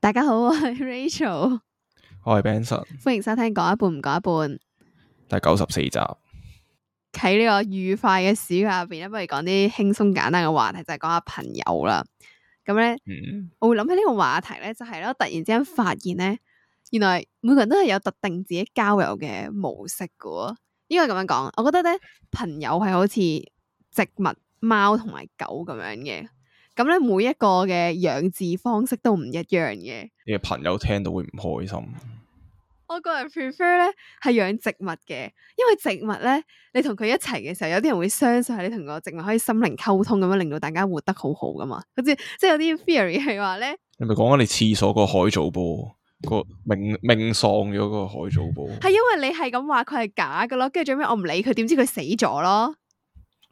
大家好，我係 Rachel，我係 Benson，歡迎收聽講一半唔講一半，第九十四集，喺呢個愉快嘅暑假入邊咧，不如講啲輕鬆簡單嘅話題，就係、是、講下朋友啦。咁咧，嗯、我會諗起呢個話題咧，就係咧，突然之間發現咧，原來每個人都係有特定自己交友嘅模式噶。應該咁樣講，我覺得咧，朋友係好似植物、貓同埋狗咁樣嘅。咁咧，每一個嘅養字方式都唔一樣嘅。你嘅朋友聽到會唔開心？我個人 prefer 咧係養植物嘅，因為植物咧，你同佢一齊嘅時候，有啲人會相信係你同個植物可以心靈溝通咁樣，令到大家活得好好噶嘛。好似即係有啲 theory 係話咧，你咪講緊，你廁所個海藻波、那個命命喪咗個海藻波，係因為你係咁話佢係假噶咯，跟住最尾我唔理佢，點知佢死咗咯。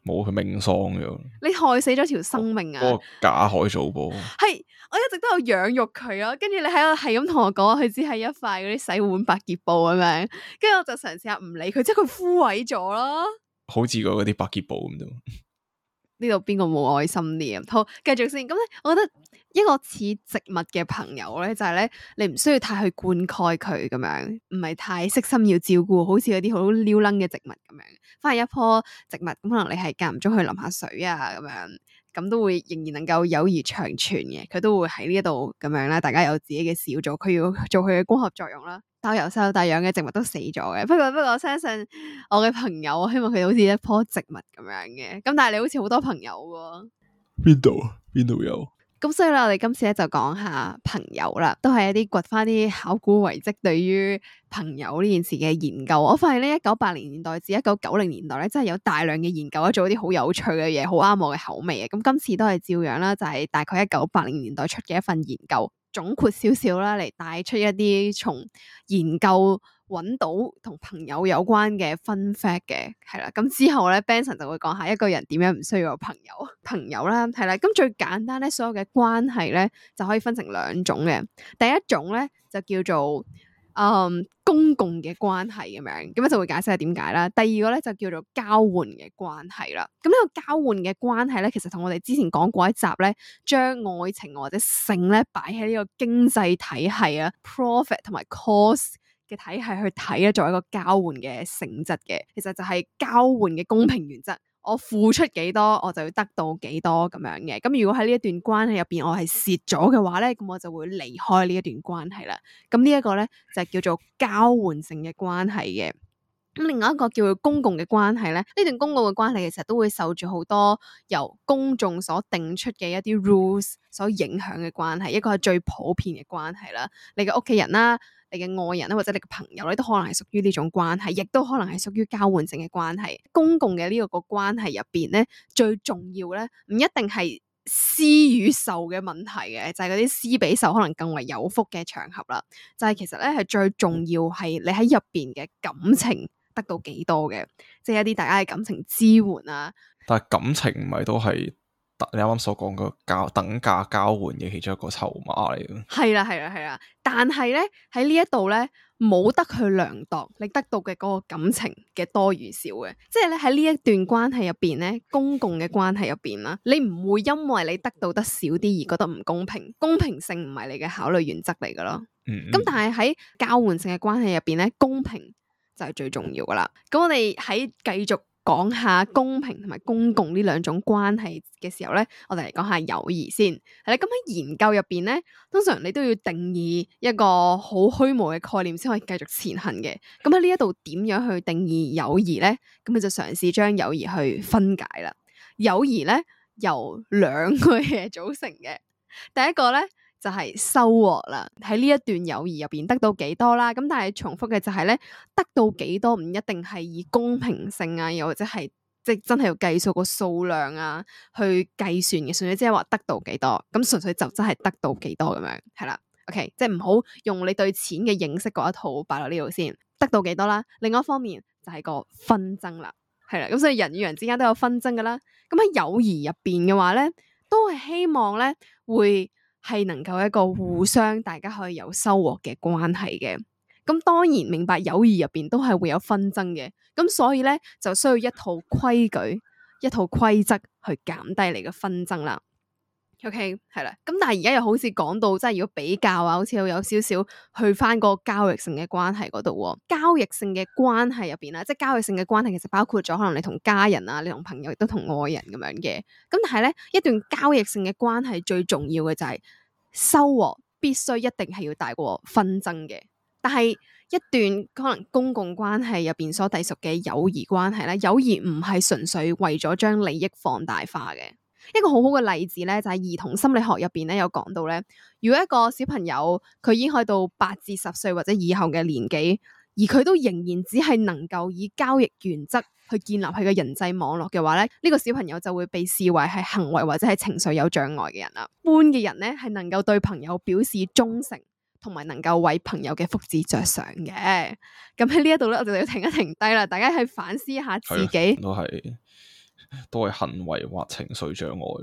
冇佢命喪咗，你害死咗條生命啊！哦、假海草布係，我一直都有養育佢咯。跟住你喺度係咁同我講，佢只係一塊嗰啲洗碗百潔布咁樣。跟住我就嘗試下唔理佢，即係佢枯萎咗咯。好似嗰啲百潔布咁啫。呢度邊個冇愛心啲啊？好，繼續先。咁、嗯、咧，我覺得。一個似植物嘅朋友咧，就係咧，你唔需要太去灌溉佢咁樣，唔係太悉心要照顧，好似嗰啲好撩楞嘅植物咁樣。反而一棵植物咁，可能你係間唔中去淋下水啊，咁樣咁都會仍然能夠友誼長存嘅。佢都會喺呢一度咁樣咧，大家有自己嘅小組，佢要做佢嘅光合作用啦。但係由細到大養嘅植物都死咗嘅。不過不過，我相信我嘅朋友，我希望佢好似一棵植物咁樣嘅。咁但係你好似好多朋友喎，邊度啊？邊度有？咁所以咧，我哋今次咧就講下朋友啦，都係一啲掘翻啲考古遺跡，對於朋友呢件事嘅研究，我發現咧一九八零年代至一九九零年代咧，真係有大量嘅研究咧，做一啲好有趣嘅嘢，好啱我嘅口味嘅。咁今次都係照樣啦，就係大概一九八零年代出嘅一份研究，總括少少啦，嚟帶出一啲從研究。搵到同朋友有關嘅分 u 嘅係啦，咁之後咧，Benson 就會講下一個人點樣唔需要有朋友朋友啦，係啦，咁最簡單咧，所有嘅關係咧就可以分成兩種嘅，第一種咧就叫做嗯、呃、公共嘅關係嘅名，咁樣，樣就會解釋係點解啦。第二個咧就叫做交換嘅關係啦。咁呢個交換嘅關係咧，其實同我哋之前講過一集咧，將愛情或者性咧擺喺呢個經濟體系啊，profit 同埋 cost。嘅體系去睇咧，作為一個交換嘅性質嘅，其實就係交換嘅公平原則。我付出幾多，我就會得到幾多咁樣嘅。咁如果喺呢一段關係入邊，我係蝕咗嘅話咧，咁我就會離開呢一段關係啦。咁呢一個咧就叫做交換性嘅關係嘅。咁另外一個叫做公共嘅關係咧，呢段公共嘅關係其實都會受住好多由公眾所定出嘅一啲 rules 所影響嘅關係，一個係最普遍嘅關係啦。你嘅屋企人啦、啊。你嘅愛人咧，或者你嘅朋友咧，都可能係屬於呢種關係，亦都可能係屬於交換性嘅關係。公共嘅呢、這個、這個關係入邊咧，最重要咧，唔一定係施與受嘅問題嘅，就係嗰啲施比受可能更為有福嘅場合啦。就係、是、其實咧，係最重要係你喺入邊嘅感情得到幾多嘅，即、就、係、是、一啲大家嘅感情支援啊。但係感情唔係都係。你啱啱所講個交等價交換嘅其中一個籌碼嚟嘅，係啦係啦係啦，但係咧喺呢一度咧，冇得去量度你得到嘅嗰個感情嘅多與少嘅，即係咧喺呢一段關係入邊咧，公共嘅關係入邊啦，你唔會因為你得到得少啲而覺得唔公平，公平性唔係你嘅考慮原則嚟噶咯。嗯，嗯，咁但係喺交換性嘅關係入邊咧，公平就係最重要噶啦。咁我哋喺繼續。講下公平同埋公共呢兩種關係嘅時候咧，我哋嚟講下友誼先。係啦，咁、嗯、喺研究入邊咧，通常你都要定義一個好虛無嘅概念先可以繼續前行嘅。咁喺呢一度點樣去定義友誼咧？咁、嗯、你就嘗試將友誼去分解啦。友誼咧由兩個嘢組成嘅，第一個咧。就係收穫啦，喺呢一段友誼入邊得到幾多啦？咁但係重複嘅就係咧，得到幾多唔一定係以公平性啊，又或者係即係真係要計數個數量啊去計算嘅，純粹即係話得到幾多咁，純粹就真係得到幾多咁樣係啦。OK，即係唔好用你對錢嘅認識嗰一套擺落呢度先，得到幾多啦？另外一方面就係個紛爭啦，係啦，咁所以人與人之間都有紛爭噶啦。咁喺友誼入邊嘅話咧，都係希望咧會。係能夠一個互相，大家可以有收穫嘅關係嘅。咁當然明白友誼入邊都係會有紛爭嘅，咁所以咧就需要一套規矩、一套規則去減低你嘅紛爭啦。O.K. 係啦，咁但係而家又好似講到，即係如果比較啊，好似有少少去翻嗰個交易性嘅關係嗰度。交易性嘅關係入邊啦，即係交易性嘅關係，其實包括咗可能你同家人啊，你同朋友亦都同愛人咁樣嘅。咁但係咧，一段交易性嘅關係最重要嘅就係、是、收穫必須一定係要大過紛爭嘅。但係一段可能公共關係入邊所隸屬嘅友誼關係咧，友誼唔係純粹為咗將利益放大化嘅。一個好好嘅例子咧，就係兒童心理學入邊咧，有講到咧，如果一個小朋友佢已經去到八至十歲或者以後嘅年紀，而佢都仍然只係能夠以交易原則去建立佢嘅人際網絡嘅話咧，呢個小朋友就會被視為係行為或者係情緒有障礙嘅人啦。般嘅人咧係能夠對朋友表示忠誠，同埋能夠為朋友嘅福祉着想嘅。咁喺呢一度咧，我就要停一停低啦，大家去反思一下自己。係。都係行為或情緒障礙。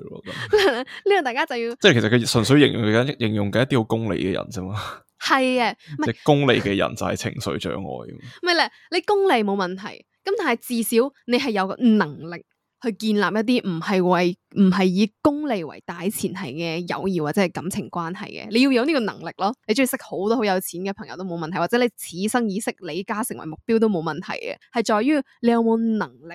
咁呢個大家就要即係其實佢純粹形容緊，形容緊一啲好功利嘅人啫嘛。係嘅， 即係功利嘅人就係情緒障礙。唔係咧，你功利冇問題，咁但係至少你係有個能力去建立一啲唔係為唔係以功利為大前提嘅友誼或者係感情關係嘅。你要有呢個能力咯。你鍾意識好多好有錢嘅朋友都冇問題，或者你此生以識李嘉誠為目標都冇問題嘅。係在於你有冇能力。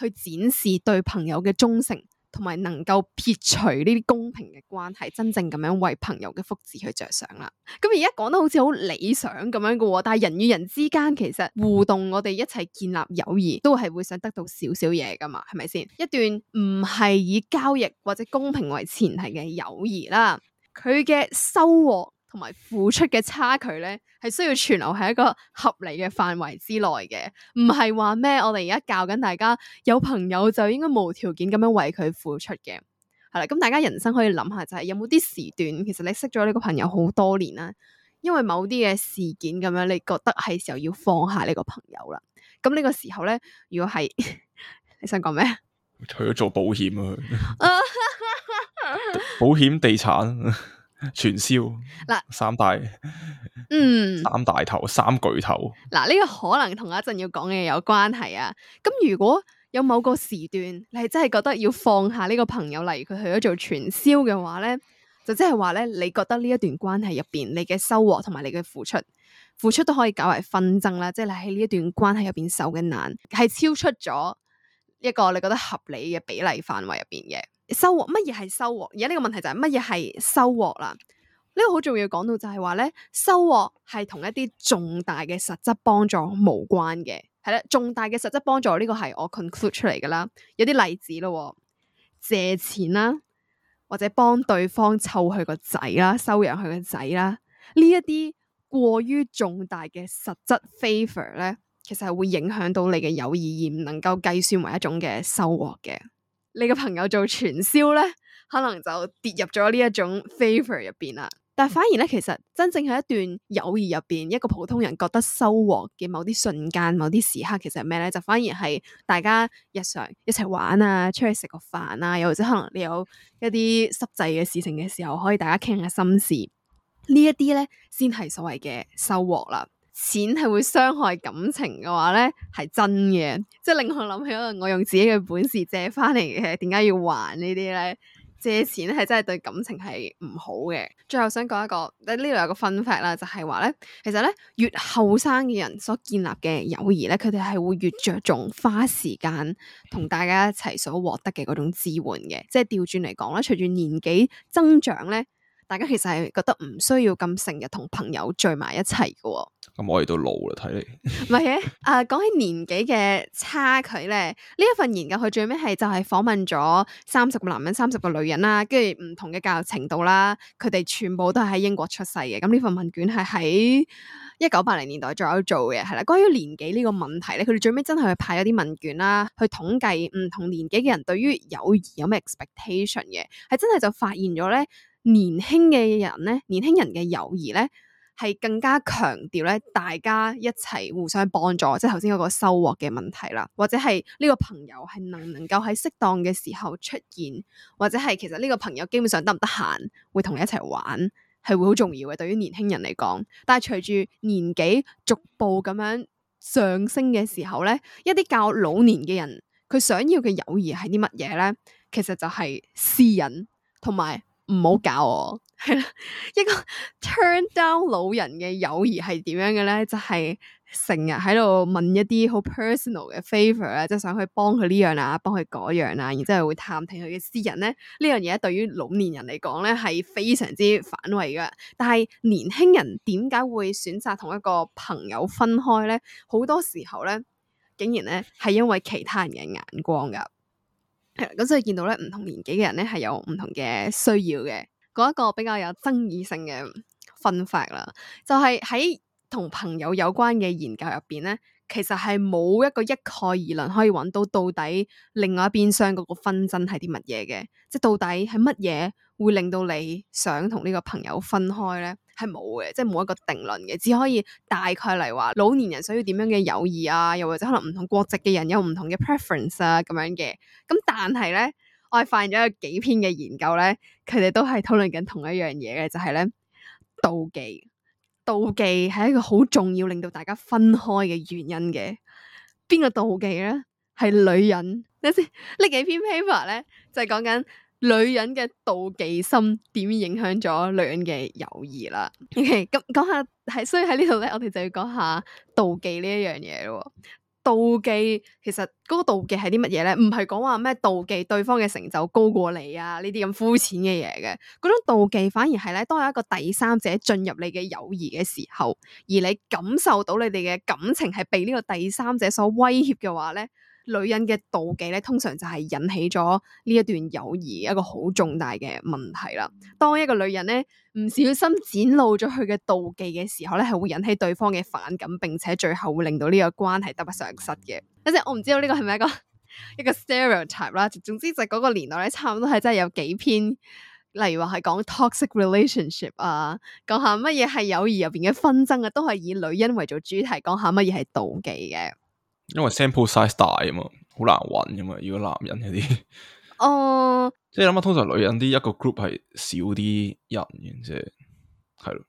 去展示對朋友嘅忠誠，同埋能夠撇除呢啲公平嘅關係，真正咁樣為朋友嘅福祉去着想啦。咁而家講得好似好理想咁樣㗎喎，但係人與人之間其實互動，我哋一齊建立友誼都係會想得到少少嘢㗎嘛，係咪先？一段唔係以交易或者公平為前提嘅友誼啦，佢嘅收穫。同埋付出嘅差距咧，係需要存留喺一個合理嘅範圍之內嘅，唔係話咩，我哋而家教緊大家，有朋友就應該無條件咁樣為佢付出嘅。係、嗯、啦，咁大家人生可以諗下，就係有冇啲時段，其實你識咗呢個朋友好多年啦，因為某啲嘅事件咁樣，你覺得係時候要放下呢個朋友啦。咁呢個時候咧，如果係 你想講咩？除咗做保險啊， 保險地產。傳銷嗱，啦三大，嗯，三大頭，三巨頭。嗱，呢個可能同一陣要講嘅有關係啊。咁如果有某個時段，你係真係覺得要放下呢個朋友，例如佢去咗做傳銷嘅話咧，就即係話咧，你覺得呢一段關係入邊，你嘅收穫同埋你嘅付出，付出都可以解為紛爭啦。即係你喺呢一段關係入邊受嘅難，係超出咗一個你覺得合理嘅比例範圍入邊嘅。收穫，乜嘢係收穫？而家呢個問題就係乜嘢係收穫啦？呢個好重要，講到就係話咧，收穫係同一啲重大嘅實質幫助無關嘅，係啦，重大嘅實質幫助呢個係我 conclude 出嚟噶啦，有啲例子咯，借錢啦，或者幫對方湊佢個仔啦，收養佢個仔啦，呢一啲過於重大嘅實質 favor 咧，其實係會影響到你嘅友誼而唔能夠計算為一種嘅收穫嘅。你個朋友做傳銷咧，可能就跌入咗呢一種 favor 入邊啦。但係反而咧，其實真正係一段友誼入邊，一個普通人覺得收穫嘅某啲瞬間、某啲時刻，其實係咩咧？就反而係大家日常一齊玩啊，出去食個飯啊，又或者可能你有一啲濕滯嘅事情嘅時候，可以大家傾下心事。呢一啲咧，先係所謂嘅收穫啦。錢係會傷害感情嘅話咧，係真嘅，即係令我諗起可能我用自己嘅本事借翻嚟嘅，點解要還呢啲咧？借錢咧係真係對感情係唔好嘅。最後想講一個，喺呢度有個 fun fact 啦，就係話咧，其實咧越後生嘅人所建立嘅友誼咧，佢哋係會越着重花時間同大家一齊所獲得嘅嗰種支援嘅。即係調轉嚟講咧，隨住年紀增長咧。大家其實係覺得唔需要咁成日同朋友聚埋一齊嘅。哦，咁，嗯、我哋都老啦，睇嚟唔係嘅。啊，講起年紀嘅差距咧，呢一份研究佢最尾係就係訪問咗三十個男人，三十個女人啦，跟住唔同嘅教育程度啦，佢哋全部都係喺英國出世嘅。咁呢份問卷係喺一九八零年代左右做嘅，係啦。關於年紀呢個問題咧，佢哋最尾真係去派咗啲問卷啦，去統計唔同年紀嘅人對於友誼有咩 expectation 嘅，係真係就發現咗咧。年輕嘅人咧，年輕人嘅友誼咧，係更加強調咧，大家一齊互相幫助，即係頭先嗰個收穫嘅問題啦。或者係呢個朋友係能唔能夠喺適當嘅時候出現，或者係其實呢個朋友基本上得唔得閒會同你一齊玩，係會好重要嘅。對於年輕人嚟講，但係隨住年紀逐步咁樣上升嘅時候咧，一啲較老年嘅人，佢想要嘅友誼係啲乜嘢咧？其實就係私隱同埋。唔好搞我，係啦，一個 turn down 老人嘅友誼係點樣嘅咧？就係成日喺度問一啲好 personal 嘅 favor 咧，即係想去幫佢呢樣啊，幫佢嗰樣啊，然之後會探聽佢嘅私人咧。呢樣嘢對於老年人嚟講咧，係非常之反胃嘅。但係年輕人點解會選擇同一個朋友分開咧？好多時候咧，竟然咧係因為其他人嘅眼光噶。咁、嗯、所以見到咧，唔同年紀嘅人咧，係有唔同嘅需要嘅。嗰一個比較有爭議性嘅分法啦，就係喺同朋友有關嘅研究入邊咧，其實係冇一個一概而論可以揾到到底另外一邊廂嗰個紛爭係啲乜嘢嘅，即係到底係乜嘢會令到你想同呢個朋友分開咧？係冇嘅，即係冇一個定論嘅，只可以大概嚟話老年人需要點樣嘅友誼啊，又或者可能唔同國籍嘅人有唔同嘅 preference 啊，咁樣嘅。咁但係咧，我係發現咗有幾篇嘅研究咧，佢哋都係討論緊同一樣嘢嘅，就係、是、咧妒忌。妒忌係一個好重要令到大家分開嘅原因嘅。邊個妒忌咧？係女人。等下先，呢幾篇 paper 咧就係講緊。女人嘅妒忌心點影響咗女人嘅友誼啦？OK，咁講下係，所以喺呢度咧，我哋就要講下妒忌呢一樣嘢咯。妒忌其實嗰個妒忌係啲乜嘢咧？唔係講話咩妒忌對方嘅成就高過你啊呢啲咁膚淺嘅嘢嘅，嗰種妒忌反而係咧，當有一個第三者進入你嘅友誼嘅時候，而你感受到你哋嘅感情係被呢個第三者所威脅嘅話咧。女人嘅妒忌咧，通常就係引起咗呢一段友誼一個好重大嘅問題啦。當一個女人咧唔小心展露咗佢嘅妒忌嘅時候咧，係會引起對方嘅反感，並且最後會令到呢個關係得不償失嘅。即係我唔知道呢個係咪一個 一個 stereotype 啦。總之就嗰個年代咧，差唔多係真係有幾篇，例如話係講 toxic relationship 啊，講下乜嘢係友誼入邊嘅紛爭啊，都係以女人為做主題，講下乜嘢係妒忌嘅。因為 sample size 大啊嘛，好難揾啊嘛，如果男人嗰啲，哦 、呃，即係諗下通常女人啲一個 group 係少啲人嘅，即係咯，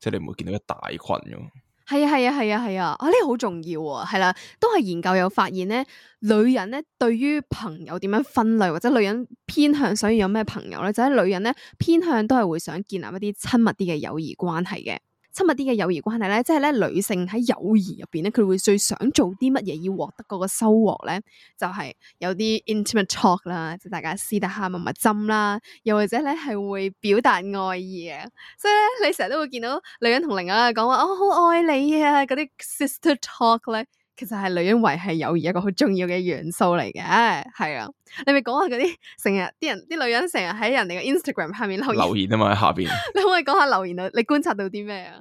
即係、就是、你唔會見到一大群咁。係啊係啊係啊係啊，啊呢個好重要啊，係啦，都係研究又發現咧，女人咧對於朋友點樣分類或者女人偏向想要有咩朋友咧，就喺、是、女人咧偏向都係會想建立一啲親密啲嘅友誼關係嘅。親密啲嘅友誼關係咧，即係咧女性喺友誼入邊咧，佢會最想做啲乜嘢要獲得嗰個收穫咧，就係有啲 intimate talk 啦，即係大家私底下密密針啦，又或者咧係會表達愛意嘅，所以咧你成日都會見到女人同另外一個講話哦，我好愛你啊，嗰啲 sister talk 咧。其實係女人維繫友誼一個好重要嘅元素嚟嘅，係啊！你咪講下嗰啲成日啲人啲女人成日喺人哋嘅 Instagram 下面留言留言啊嘛，喺下邊， 你可唔可以講下留言啊？你觀察到啲咩啊？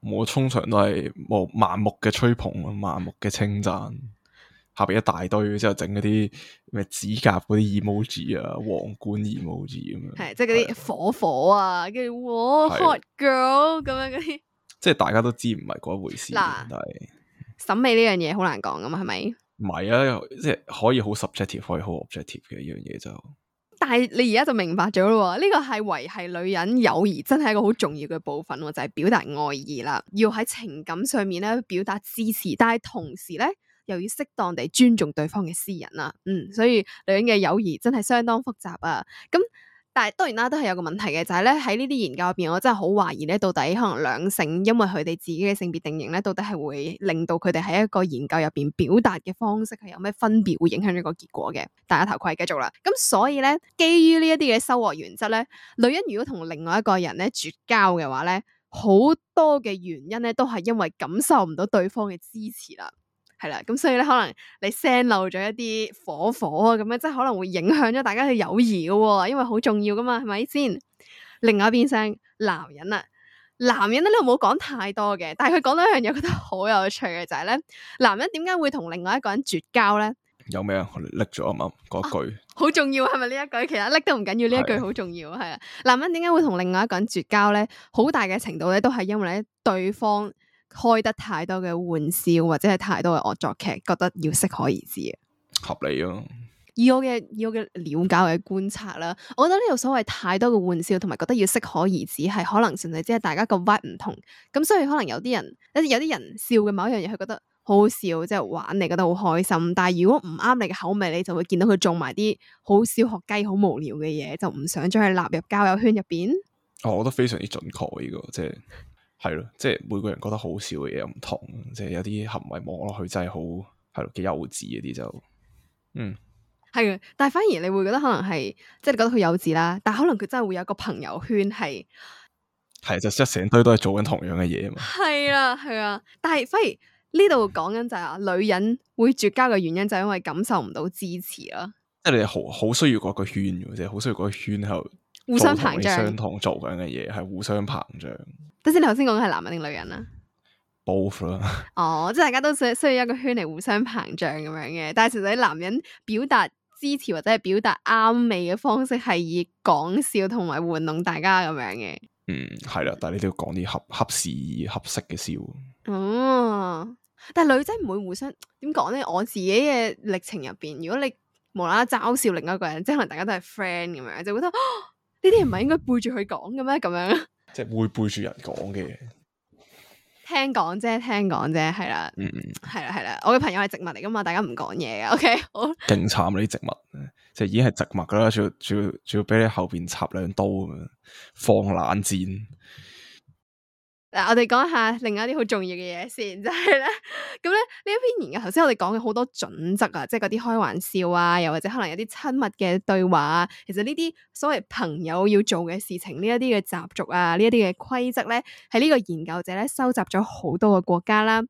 我通常都係目盲目嘅吹捧啊，盲目嘅稱讚，下邊一大堆，之後整嗰啲咩指甲嗰啲 emoji 啊，皇冠 emoji 咁樣，係即係嗰啲火火啊，跟住的的 hot girl 咁樣嗰啲，即係大家都知唔係嗰一回事，但係。審美呢樣嘢好難講㗎嘛，係咪？唔係啊，即係可以好 subjective，可以好 objective 嘅呢樣嘢就。但係你而家就明白咗咯，呢個係維繫女人友誼真係一個好重要嘅部分，就係表達愛意啦，要喺情感上面咧表達支持，但係同時咧又要適當地尊重對方嘅私隱啦。嗯，所以女人嘅友誼真係相當複雜啊。咁。但係當然啦，都係有個問題嘅，就係咧喺呢啲研究入邊，我真係好懷疑咧，到底可能兩性因為佢哋自己嘅性別定型咧，到底係會令到佢哋喺一個研究入邊表達嘅方式係有咩分別，會影響呢個結果嘅。大家頭盔繼續啦。咁所以咧，基於呢一啲嘅收穫原則咧，女人如果同另外一個人咧絕交嘅話咧，好多嘅原因咧都係因為感受唔到對方嘅支持啦。係啦，咁所以咧，可能你 send 漏咗一啲火火啊，咁樣即係可能會影響咗大家嘅友誼噶喎，因為好重要噶嘛，係咪先？另外一邊聲男人啊，男人咧，你唔好講太多嘅，但係佢講到一樣嘢，我覺得好有趣嘅就係咧，男人點解會同另外一個人絕交咧？ 有咩啊？我哋拎咗啊嘛，嗰句好重要係咪呢一句？其實拎都唔緊要，呢一句好重要係啊。男人點解會同另外一個人絕交咧？好大嘅程度咧，都係因為咧對方，開得太多嘅玩笑，或者係太多嘅惡作劇覺得要適可而止。合理咯啊。以我嘅以我嘅了解或者觀察啦，我覺得呢度所謂太多嘅玩笑，同埋覺得要適可而止，係可能純粹只係大家個 vibe 唔同。咁所以可能有啲人，有啲人笑嘅某一樣嘢，佢覺得好好笑，即係玩，你覺得好開心。但係如果唔啱你嘅口味，你就會見到佢做埋啲好小學雞、好無聊嘅嘢，就唔想將佢納入交友圈入邊。哦，我覺得非常之準確呢個即係。係咯，即係每個人覺得好笑嘅嘢，又唔同，即係有啲行為望落去真係好，係咯幾幼稚嗰啲就，嗯，係啊，但係反而你會覺得可能係，即係你覺得佢幼稚啦，但係可能佢真係會有一個朋友圈係，係就一成堆都係做緊同樣嘅嘢啊嘛，係啊，係啊，但係反而呢度講緊就係啊，女人會絕交嘅原因就係因為感受唔到支持啦、啊，即係你好好需要嗰個圈，即係好需要嗰個圈後。相互相膨脹，相同做緊嘅嘢係互相膨脹。頭先你頭先講嘅係男人定女人啊？Both 啦。哦，oh，即係大家都需需要一個圈嚟互相膨脹咁樣嘅。但係其實男人表達支持或者係表達啱味嘅方式，係以講笑同埋玩弄大家咁樣嘅。嗯，係啦，但係你都要講啲合合時合適嘅笑。哦。Oh，但係女仔唔會互相點講咧？我自己嘅歷程入邊，如果你無啦啦嘲笑另外一個人，即係可能大家都係 friend 咁樣，就覺得。啊呢啲唔係應該背住佢講嘅咩？咁樣即係會背住人講嘅，聽講啫，聽講啫，係啦、嗯，嗯，係啦，係啦，我嘅朋友係植物嚟噶嘛，大家唔講嘢嘅。OK，好，勁慘呢啲植物，即係已經係植物噶啦，仲要仲要仲要俾你後邊插兩刀咁樣放冷箭。嗱，我哋講下另外一啲好重要嘅嘢先，就係咧，咁咧呢一篇研究頭先，我哋講嘅好多準則啊，即係嗰啲開玩笑啊，又或者可能有啲親密嘅對話啊，其實呢啲所謂朋友要做嘅事情，呢一啲嘅習俗啊，呢一啲嘅規則咧，喺呢個研究者咧收集咗好多嘅國家啦。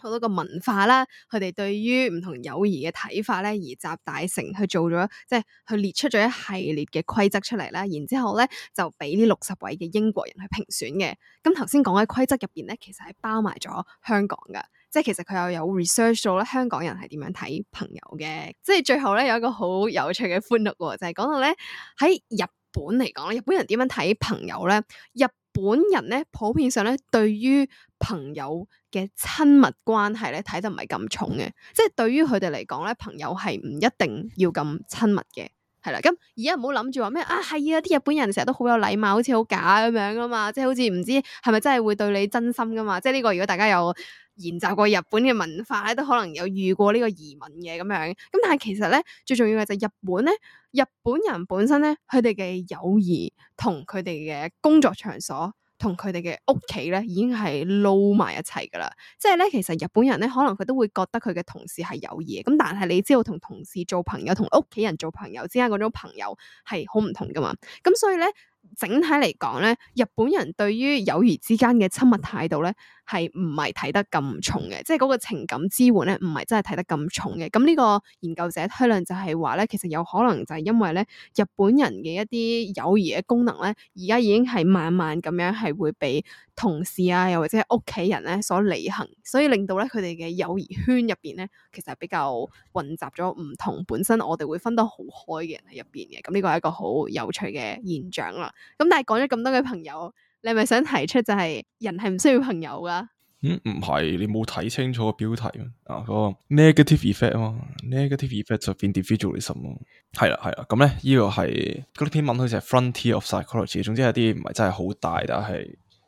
好多個文化啦，佢哋對於唔同友誼嘅睇法咧，而集大成去做咗，即係去列出咗一系列嘅規則出嚟啦。然之後咧，就俾呢六十位嘅英國人去評選嘅。咁頭先講嘅規則入邊咧，其實係包埋咗香港㗎，即係其實佢又有 research 咗咧香港人係點樣睇朋友嘅。即係最後咧有一個好有趣嘅歡樂、哦，就係、是、講到咧喺日本嚟講咧，日本人點樣睇朋友咧？日本人咧普遍上咧，對於朋友嘅親密關係咧睇得唔係咁重嘅，即係對於佢哋嚟講咧，朋友係唔一定要咁親密嘅，係啦。咁而家唔好諗住話咩啊，係啊，啲日本人成日都好有禮貌，好似好假咁樣噶嘛，即係好似唔知係咪真係會對你真心㗎嘛，即係呢個如果大家有。研習過日本嘅文化咧，都可能有遇過呢個移民嘅咁樣。咁但係其實咧，最重要嘅就係日本咧，日本人本身咧，佢哋嘅友誼同佢哋嘅工作場所同佢哋嘅屋企咧，已經係撈埋一齊噶啦。即係咧，其實日本人咧，可能佢都會覺得佢嘅同事係友誼。咁但係你知道，同同事做朋友，同屋企人做朋友之間嗰種朋友係好唔同噶嘛。咁所以咧。整體嚟講咧，日本人對於友誼之間嘅親密態度咧，係唔係睇得咁重嘅，即係嗰個情感支援咧，唔係真係睇得咁重嘅。咁呢個研究者推論就係話咧，其實有可能就係因為咧，日本人嘅一啲友誼嘅功能咧，而家已經係慢慢咁樣係會俾。同事啊，又或者屋企人咧所履行，所以令到咧佢哋嘅友誼圈入邊咧，其實係比較混雜咗唔同本身我哋會分得好開嘅人喺入邊嘅。咁呢個係一個好有趣嘅現象啦。咁但係講咗咁多嘅朋友，你係咪想提出就係人係唔需要朋友噶、嗯啊那個？嗯，唔係、嗯，你冇睇清楚個標題啊。嗰、這個 negative effect 啊，negative 嘛 effect 就變 individualism 咁。係啦，係啦。咁咧呢個係嗰啲英文好似係 frontier of psychology，總之有啲唔係真係好大，但係。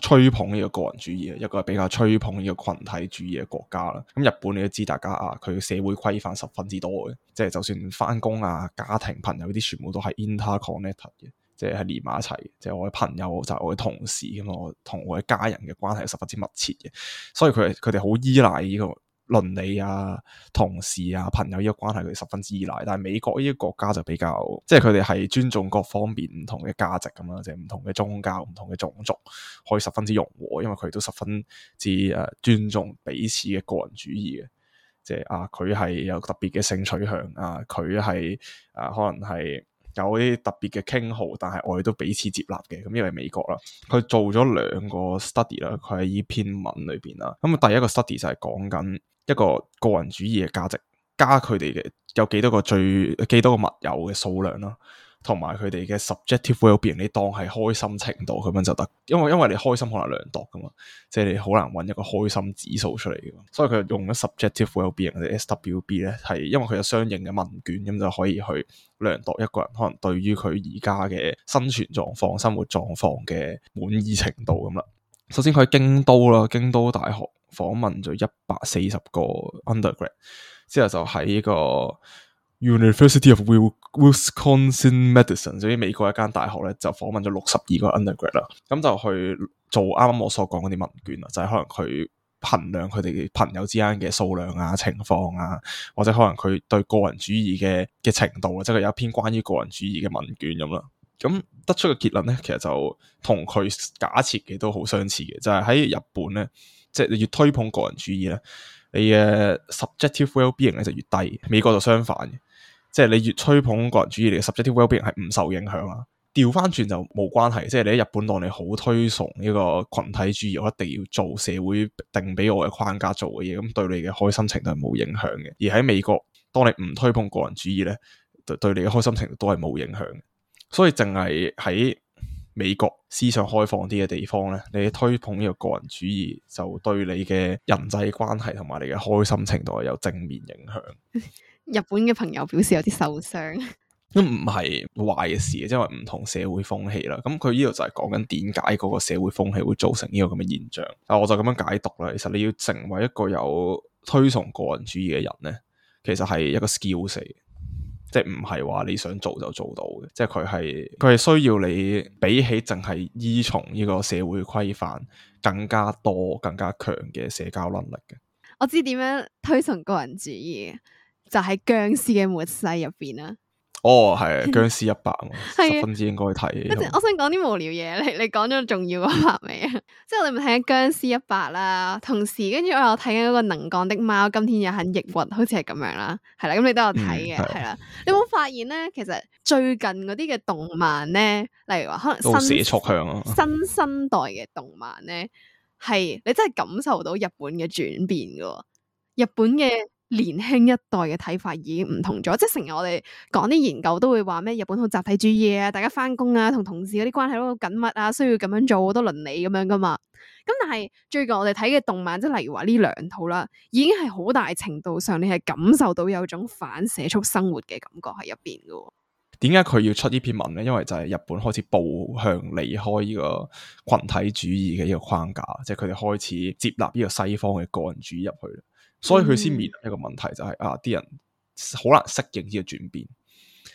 吹捧呢個個人主義啊，一個係比較吹捧呢個群體主義嘅國家啦。咁日本你都知，大家啊，佢社會規範十分之多嘅，即係就算翻工啊、家庭、朋友啲，全部都係 interconnected 嘅，即係連埋一齊嘅。即係我嘅朋友就係我嘅同事咁、嗯，我同我嘅家人嘅關係十分之密切嘅，所以佢佢哋好依賴呢、這個。倫理啊、同事啊、朋友呢個關係，佢十分之依賴。但係美國呢個國家就比較，即係佢哋係尊重各方面唔同嘅價值咁啊，即係唔同嘅宗教、唔同嘅種族，可以十分之融和，因為佢哋都十分之誒、呃、尊重彼此嘅個人主義嘅，即係啊，佢係有特別嘅性取向啊，佢係啊，可能係有啲特別嘅傾向，但係我哋都彼此接納嘅。咁、嗯、因為美國啦，佢做咗兩個 study 啦，佢喺依篇文裏邊啦，咁、嗯、啊，第一個 study 就係講緊。一個個人主義嘅價值，加佢哋嘅有幾多個最幾多個密友嘅數量啦，同埋佢哋嘅 subjective well-being 你當係開心程度咁樣就得，因為因為你開心可能量度噶嘛，即係你好難揾一個開心指數出嚟嘅，所以佢用咗 subjective well-being 或者 SWB 咧，係因為佢有相應嘅問卷，咁就可以去量度一個人可能對於佢而家嘅生存狀況、生活狀況嘅滿意程度咁啦。首先佢喺京都啦，京都大學。訪問咗一百四十個 undergrad 之後，就喺呢個 University of Wisconsin m e d i c i n e 於美國一間大學咧，就訪問咗六十二個 undergrad 啦。咁、嗯、就去做啱啱我所講嗰啲問卷啦，就係、是、可能佢衡量佢哋朋友之間嘅數量啊、情況啊，或者可能佢對個人主義嘅嘅程度啊，即、就、係、是、有一篇關於個人主義嘅問卷咁啦。咁、嗯、得出嘅結論咧，其實就同佢假設嘅都好相似嘅，就係、是、喺日本咧。即係你越推捧個人主義咧，你嘅 subjective well-being 咧就越低。美國就相反嘅，即係你越推捧個人主義，你嘅 subjective well-being 係唔受影響啊。調翻轉就冇關係，即係你喺日本當你好推崇呢個群體主義，我一定要做社會定俾我嘅框架做嘅嘢，咁對你嘅開心程度係冇影響嘅。而喺美國，當你唔推捧個人主義咧，對你嘅開心程度都係冇影響嘅。所以淨係喺。美國思想開放啲嘅地方咧，你推捧呢個個人主義，就對你嘅人際關係同埋你嘅開心程度係有正面影響。日本嘅朋友表示有啲受傷， 都唔係壞嘅事，因為唔同社會風氣啦。咁佢呢度就係講緊點解嗰個社會風氣會造成呢個咁嘅現象。啊，我就咁樣解讀啦。其實你要成為一個有推崇個人主義嘅人咧，其實係一個 skill 嚟即係唔係話你想做就做到嘅，即係佢係佢係需要你比起淨係依從呢個社會規範，更加多、更加強嘅社交能力嘅。我知點樣推崇個人主義，就喺、是、僵屍嘅末世入邊啦。哦，係僵屍一百，100, 的十分之應該睇。跟住， 我想講啲無聊嘢。你你講咗重要嗰百 a r t 未啊？ 即係你咪睇《僵屍一百》啦，同時跟住我又睇緊嗰個《能幹的貓》，今天又很抑運，好似係咁樣啦，係啦。咁你都有睇嘅，係啦。你有冇發現咧？其實最近嗰啲嘅動漫咧，例如話可能新、啊、新新代嘅動漫咧，係你真係感受到日本嘅轉變噶。日本嘅。年輕一代嘅睇法已經唔同咗，即係成日我哋講啲研究都會話咩日本好集體主義啊，大家翻工啊，同同事嗰啲關係都好緊密啊，需要咁樣做好多倫理咁樣噶嘛。咁但係最近我哋睇嘅動漫，即係例如話呢兩套啦，已經係好大程度上你係感受到有種反社畜生活嘅感覺喺入邊噶。點解佢要出呢篇文咧？因為就係日本開始步向離開呢個群體主義嘅呢個框架，即係佢哋開始接納呢個西方嘅個人主義入去。所以佢先面對一個問題就係、是、啊，啲人好難適應呢個轉變，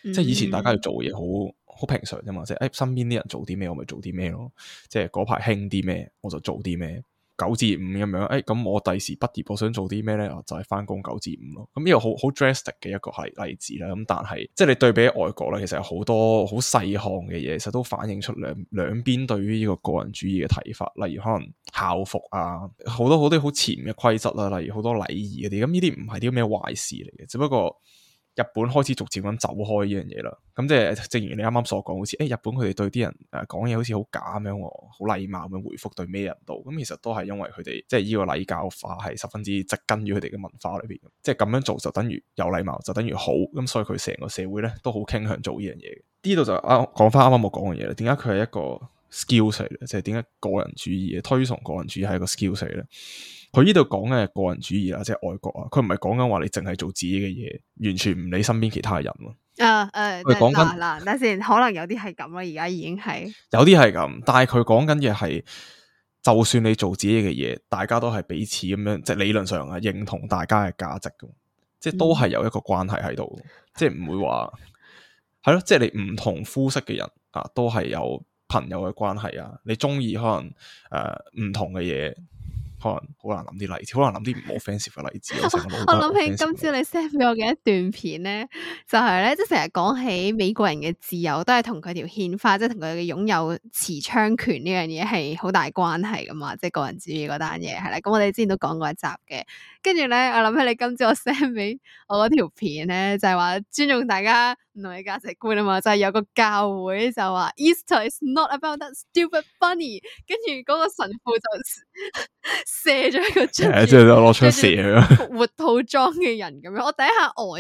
嗯嗯，即係以前大家要做嘢好好平常啫嘛，即係誒身邊啲人做啲咩我咪做啲咩咯，即係嗰排興啲咩我就做啲咩。九至五咁樣，誒、哎，咁我第時畢業，我想做啲咩咧？就係返工九至五咯。咁呢、嗯這個好好 drastic 嘅一個係例子啦。咁、嗯、但係，即係你對比外國咧，其實有好多好細項嘅嘢，其實都反映出兩兩邊對於呢個個人主義嘅睇法。例如可能校服啊，好多好多好潛嘅規則啊，例如好多禮儀嗰啲，咁呢啲唔係啲咩壞事嚟嘅，只不過。日本開始逐漸咁走開呢樣嘢啦，咁即係正如你啱啱所講，好似誒、欸、日本佢哋對啲人誒講嘢好似好假咁樣，好禮貌咁樣回覆對咩人度，咁其實都係因為佢哋即係依個禮教化係十分之植根於佢哋嘅文化裏邊，即係咁樣做就等於有禮貌，就等於好，咁所以佢成個社會咧都好傾向做呢樣嘢。呢度就啱講翻啱啱冇講嘅嘢啦，點解佢係一個 skills 嚟嘅？即係點解個人主義推崇個人主義係一個 skills 嚟嘅？佢呢度講嘅係個人主義啊，即係外國啊。佢唔係講緊話你淨係做自己嘅嘢，完全唔理身邊其他人咯。啊啊，佢講緊嗱，等先可能有啲係咁啦。而家已經係有啲係咁，但係佢講緊嘢係，就算你做自己嘅嘢，大家都係彼此咁樣，即係理論上係認同大家嘅價值嘅，即係都係有一個關係喺度，即係唔會話係咯。即係你唔同膚色嘅人啊，都係有朋友嘅關係啊。你中意可能誒呃，唔同嘅嘢。可能好難諗啲例子，好難諗啲唔好 offensive 嘅例子。我諗起今朝你 send 俾我嘅一段片咧，就係、是、咧，即係成日講起美國人嘅自由，都係同佢條憲法，即係同佢嘅擁有持槍權呢樣嘢係好大關係噶嘛，即、就、係、是、個人主義嗰單嘢係啦。咁我哋之前都講過一集嘅，跟住咧，我諗起你今朝我 send 俾我嗰條片咧，就係、是、話尊重大家。原嚟嘅價值觀啊嘛，就係有個教會就話 Easter is not about that stupid bunny，跟住嗰個神父就 射咗一個，即係攞槍射活套裝嘅人咁樣，我第一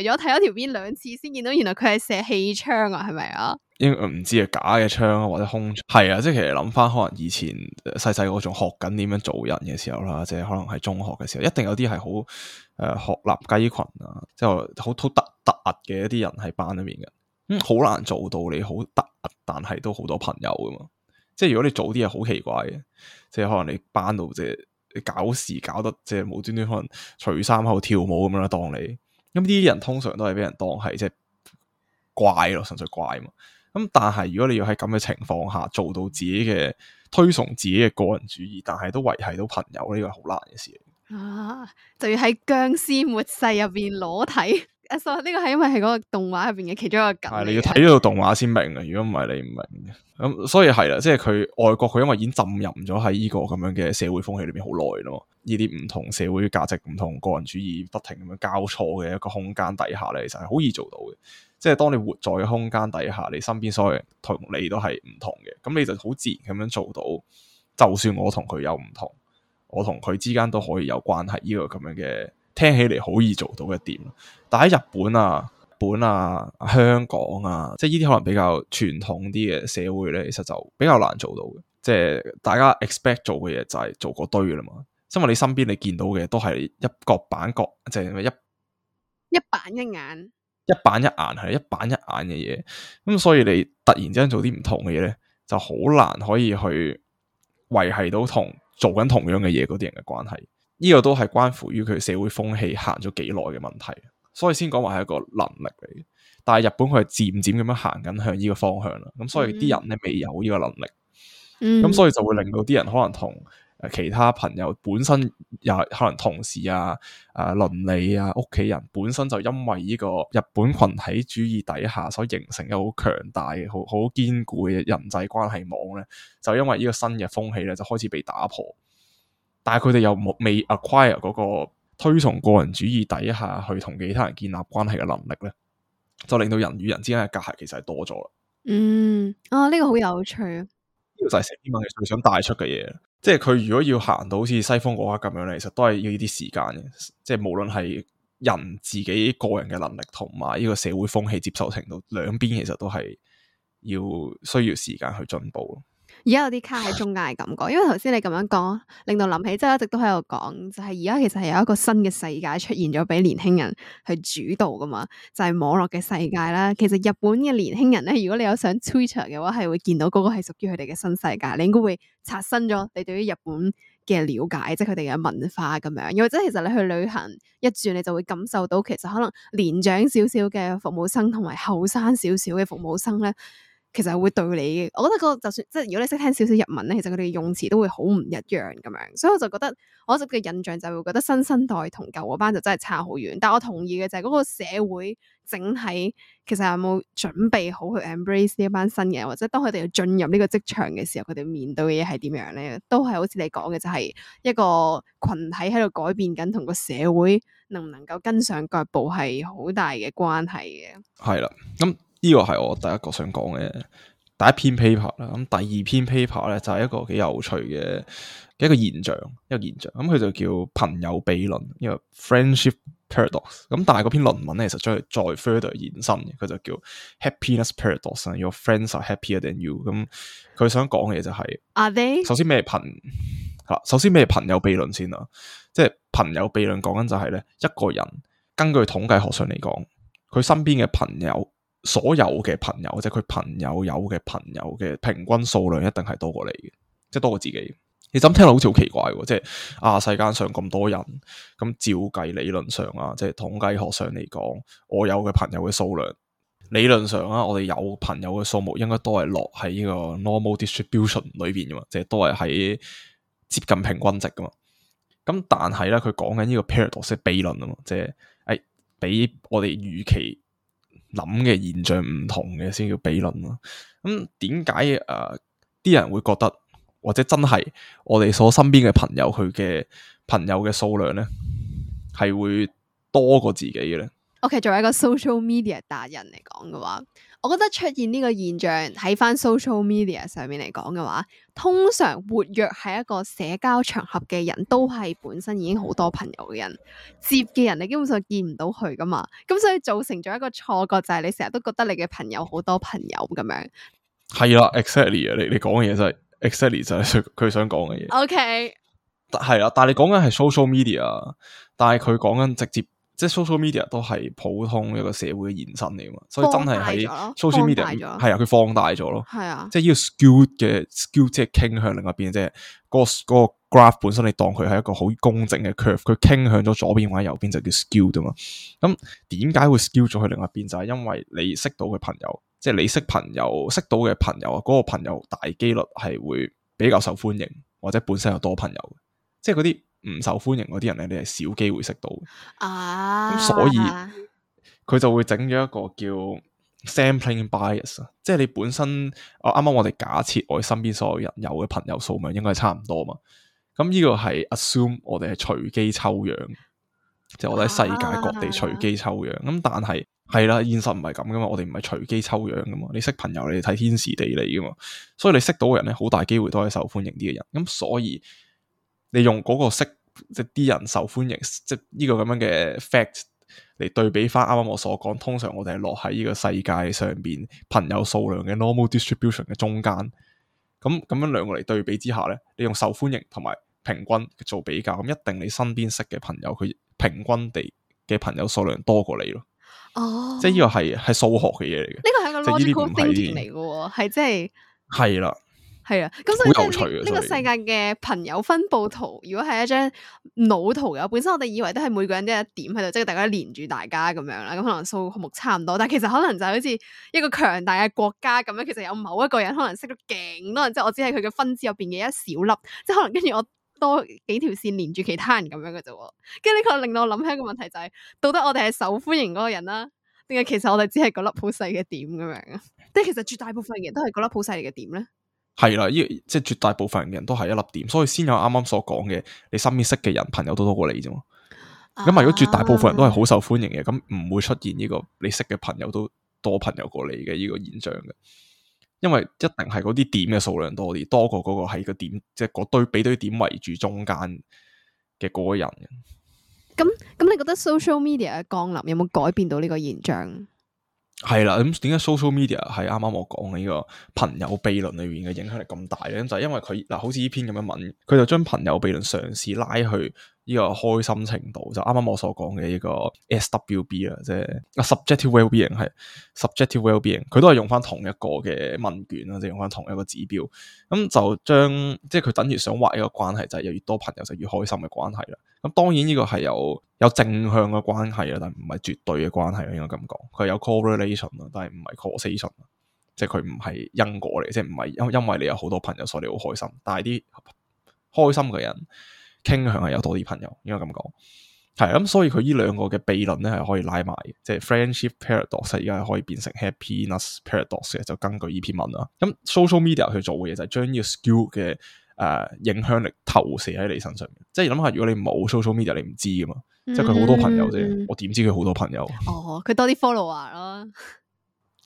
下呆咗睇咗條片兩次先見到，原來佢係射氣槍啊，係咪啊？因為唔知啊，係假嘅槍或者空槍係啊，即係其實諗翻可能以前細細個仲學緊點樣做人嘅時候啦，即係可能係中學嘅時候，一定有啲係好誒鶴立雞群啊，即係好獨特。突嘅一啲人喺班裏面嘅，嗯，好難做到。你好突，但係都好多朋友噶嘛。即係如果你做啲嘢好奇怪嘅，即係可能你班度即係搞事搞得即係無端端可能除衫喺度跳舞咁樣當你，咁呢啲人通常都係俾人當係即係怪咯，純粹怪嘛。咁、嗯、但係如果你要喺咁嘅情況下做到自己嘅推崇自己嘅個人主義，但係都維繫到朋友呢個係好難嘅事啊，就要喺僵屍末世入邊裸體。 呢個係因為係嗰個動畫入邊嘅其中一個梗。係你要睇到動畫先明嘅，如果唔係你唔明嘅。咁、嗯、所以係啦，即係佢外國佢因為已經浸淫咗喺呢個咁樣嘅社會風氣裏邊好耐咯，呢啲唔同社會價值、唔同個人主義不停咁樣交錯嘅一個空間底下咧，其實係好易做到嘅。即係當你活在空間底下，你身邊所有同你都係唔同嘅，咁你就好自然咁樣做到。就算我同佢有唔同，我同佢之間都可以有關係。呢、這個咁樣嘅。聽起嚟好易做到嘅點，但喺日本啊、日本啊、香港啊，即係呢啲可能比較傳統啲嘅社會咧，其實就比較難做到嘅。即係大家 expect 做嘅嘢就係做嗰堆啦嘛，因為你身邊你見到嘅都係一角板角，即係一一板一眼，一板一眼係一板一眼嘅嘢，咁所以你突然之間做啲唔同嘅嘢咧，就好難可以去維繫到同做緊同樣嘅嘢嗰啲人嘅關係。呢個都係關乎於佢社會風氣行咗幾耐嘅問題，所以先講話係一個能力嚟。但係日本佢係漸漸咁樣行緊向呢個方向啦，咁所以啲人咧未有呢個能力，咁、嗯、所以就會令到啲人可能同其他朋友本身又可能同事啊、啊鄰里啊、屋企人本身就因為呢個日本群體主義底下所形成嘅好強大、好好堅固嘅人際關係網咧，就因為呢個新嘅風氣咧就開始被打破。但係佢哋又未 acquire 嗰個推崇個人主義底下，去同其他人建立關係嘅能力咧，就令到人與人之間嘅隔閡其實係多咗啦。嗯，啊呢個好有趣啊！呢個就係史密文最想帶出嘅嘢，即係佢如果要行到好似西方國家咁樣咧，其實都係要呢啲時間嘅。即係無論係人自己個人嘅能力，同埋呢個社會風氣接受程度，兩邊其實都係要需要時間去進步。而家有啲卡喺中間嘅感覺，因為頭先你咁樣講，令到諗起，即係一直都喺度講，就係而家其實係有一個新嘅世界出現咗，俾年輕人去主導噶嘛，就係網絡嘅世界啦。其實日本嘅年輕人咧，如果你有上 Twitter 嘅話，係會見到嗰個係屬於佢哋嘅新世界，你應該會刷新咗你對於日本嘅了解，即係佢哋嘅文化咁樣。因為即係其實你去旅行一轉，你就會感受到，其實可能年長少少嘅服務生同埋後生少少嘅服務生咧。其實會對你，嘅。我覺得嗰個就算即係如果你識聽少少日文咧，其實佢哋嘅用詞都會好唔一樣咁樣，所以我就覺得我一直嘅印象就會覺得新生代同舊嗰班就真係差好遠。但係我同意嘅就係嗰個社會整體其實有冇準備好去 embrace 呢一班新嘅，或者當佢哋要進入呢個職場嘅時候，佢哋面對嘅嘢係點樣咧？都係好似你講嘅，就係一個群體喺度改變緊，同個社會能唔能夠跟上腳步係好大嘅關係嘅。係啦，咁。呢個係我第一個想講嘅第一篇 paper 啦。咁第二篇 paper 咧，就係一個幾有趣嘅一個現象，一個現象。咁佢就叫朋友悖論，因為 friendship paradox。咁但係嗰篇論文咧，其實再再 further 延伸嘅，佢就叫 happiness paradox。Your friends are happier than you。咁佢想講嘅嘢，就係，首先咩朋吓，首先咩朋友悖論先啦。即係朋友悖論講緊就係咧，一個人根據統計學上嚟講，佢身邊嘅朋友。所有嘅朋友，或者佢朋友有嘅朋友嘅平均數量一定係多過你嘅，即係多過自己。你咁聽落好似好奇怪，即係啊，世界上咁多人，咁照計理論上啊，即係統計學上嚟講，我有嘅朋友嘅數量理論上啊，我哋有朋友嘅數目應該都係落喺呢個 normal distribution 裏邊噶嘛，即係都係喺接近平均值噶嘛。咁但係咧，佢講緊呢個 paradox 悖論啊，嘛，即係誒、哎，比我哋預期。諗嘅現象唔同嘅先叫悖論咯。咁點解誒，啲人會覺得或者真係我哋所身邊嘅朋友佢嘅朋友嘅數量咧，係會多過自己嘅咧？O.K. 作為一個 social media 達人嚟講嘅話，我覺得出現呢個現象喺翻 social media 上面嚟講嘅話，通常活躍喺一個社交場合嘅人都係本身已經好多朋友嘅人，接嘅人你基本上見唔到佢噶嘛，咁所以造成咗一個錯覺就係你成日都覺得你嘅朋友好多朋友咁樣。係啊，exactly 啊，你你講嘅嘢就係、真係、exactly 就係佢想講嘅嘢。O.K. 但係啦，但係你講緊係 social media，但係佢講緊直接。即係 social media 都係普通一個社會嘅延伸嚟噶嘛，所以真係喺 social media 係啊，佢放大咗咯。係啊，的即係呢個 skewed 嘅 skewed 即係傾向另一邊，即係嗰個、那個 graph 本身你當佢係一個好公正嘅 curve，佢傾向咗左邊或者右邊就叫 skewed 嘛。咁點解會 skewed 咗去另一邊？就係、是、因為你識到嘅朋友，即、就、係、是、你識朋友識到嘅朋友啊，嗰、那個朋友大幾率係會比較受歡迎，或者本身有多朋友，即係嗰啲。唔受歡迎嗰啲人咧，你係少機會識到啊、uh, 嗯，所以佢就會整咗一個叫 sampling bias 即係你本身，啊、啱啱我啱啱我哋假設我身邊所有人有嘅朋友數量應該係差唔多嘛，咁、嗯、呢、呢個係 assume 我哋係隨機抽樣，即係我喺世界各地隨機抽樣，咁、uh, 嗯、但係係啦，現實唔係咁噶嘛，我哋唔係隨機抽樣噶嘛，你識朋友你睇天時地利噶嘛，所以你識到嘅人咧，好大機會都係受歡迎啲嘅人，咁、嗯、所以。你用嗰個識即啲人受歡迎，即呢個咁樣嘅 fact 嚟對比翻啱啱我所講，通常我哋係落喺呢個世界上面朋友數量嘅 normal distribution 嘅中間。咁咁樣兩個嚟對比之下咧，你用受歡迎同埋平均做比較，咁一定你身邊識嘅朋友佢平均地嘅朋友數量多過你咯。哦，即呢個係係數學嘅嘢嚟嘅，呢個係個 law of large number 嚟嘅喎，係即係係啦。係就係.係啊，咁所以呢個世界嘅朋友分布圖，如果係一張腦圖嘅，本身我哋以為都係每個人都一點喺度，即係大家連住大家咁樣啦。咁可能數目差唔多，但係其實可能就係好似一個強大嘅國家咁樣，其實有某一個人可能識咗勁多人，即係我只係佢嘅分支入邊嘅一小粒，即係可能跟住我多幾條線連住其他人咁樣嘅啫。跟住呢個令到我諗起一個問題就係，到底我哋係受歡迎嗰個人啦，定係其實我哋只係嗰粒好細嘅點咁樣啊？即係其實絕大部分人都係嗰粒好細嘅點咧。係啦，呢即係絕大部分人嘅人都係一粒點，所以先有啱啱所講嘅，你身邊識嘅人朋友都多過你啫嘛。咁、啊、如果絕大部分人都係好受歡迎嘅，咁唔、啊、會出現呢個你識嘅朋友都多朋友過你嘅呢個現象嘅。因為一定係嗰啲點嘅數量多啲，多過嗰個喺個點，即係個對比對點圍住中間嘅嗰個人。咁咁、啊，你覺得 social media 嘅降臨有冇改變到呢個現象？係啦，咁點解 social media 係啱啱我講嘅呢個朋友悖論裏面嘅影響力咁大咧？咁就係因為佢嗱，好似呢篇咁樣問，佢就將朋友悖論嘗試拉去呢個開心程度，就啱啱我所講嘅呢個 SWB 啊、啊，即係 subjective well being 係 subjective well being，佢都係用翻同一個嘅問卷啊，即係用翻同一個指標，咁就將即係佢等於想畫一個關係，就係、係、有越多朋友就越開心嘅關係啦。咁當然呢個係有有正向嘅關係啊，但係唔係絕對嘅關係，應該咁講。佢係有 correlation 啊，但係唔係 causation 即係佢唔係因果嚟，即係唔係因因為你有好多朋友所以你好開心，但係啲開心嘅人傾向係有多啲朋友，應該咁講。係咁、嗯，所以佢呢兩個嘅悖論咧係可以拉埋嘅，即係 friendship paradox 而家係可以變成 happiness paradox 嘅，就根據呢篇文啦。咁 social media 去做嘅嘢就係將呢個 skill 嘅。誒，uh, 影響力投射喺你身上面，即係諗下，如果你冇 social media，你唔知噶嘛，即係佢好多朋友啫，嗯、我點知佢好多朋友？哦，佢多啲 follower 咯，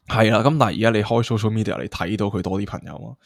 係啦，咁但係而家你開 social media，你睇到佢多啲朋友啊嘛。 哦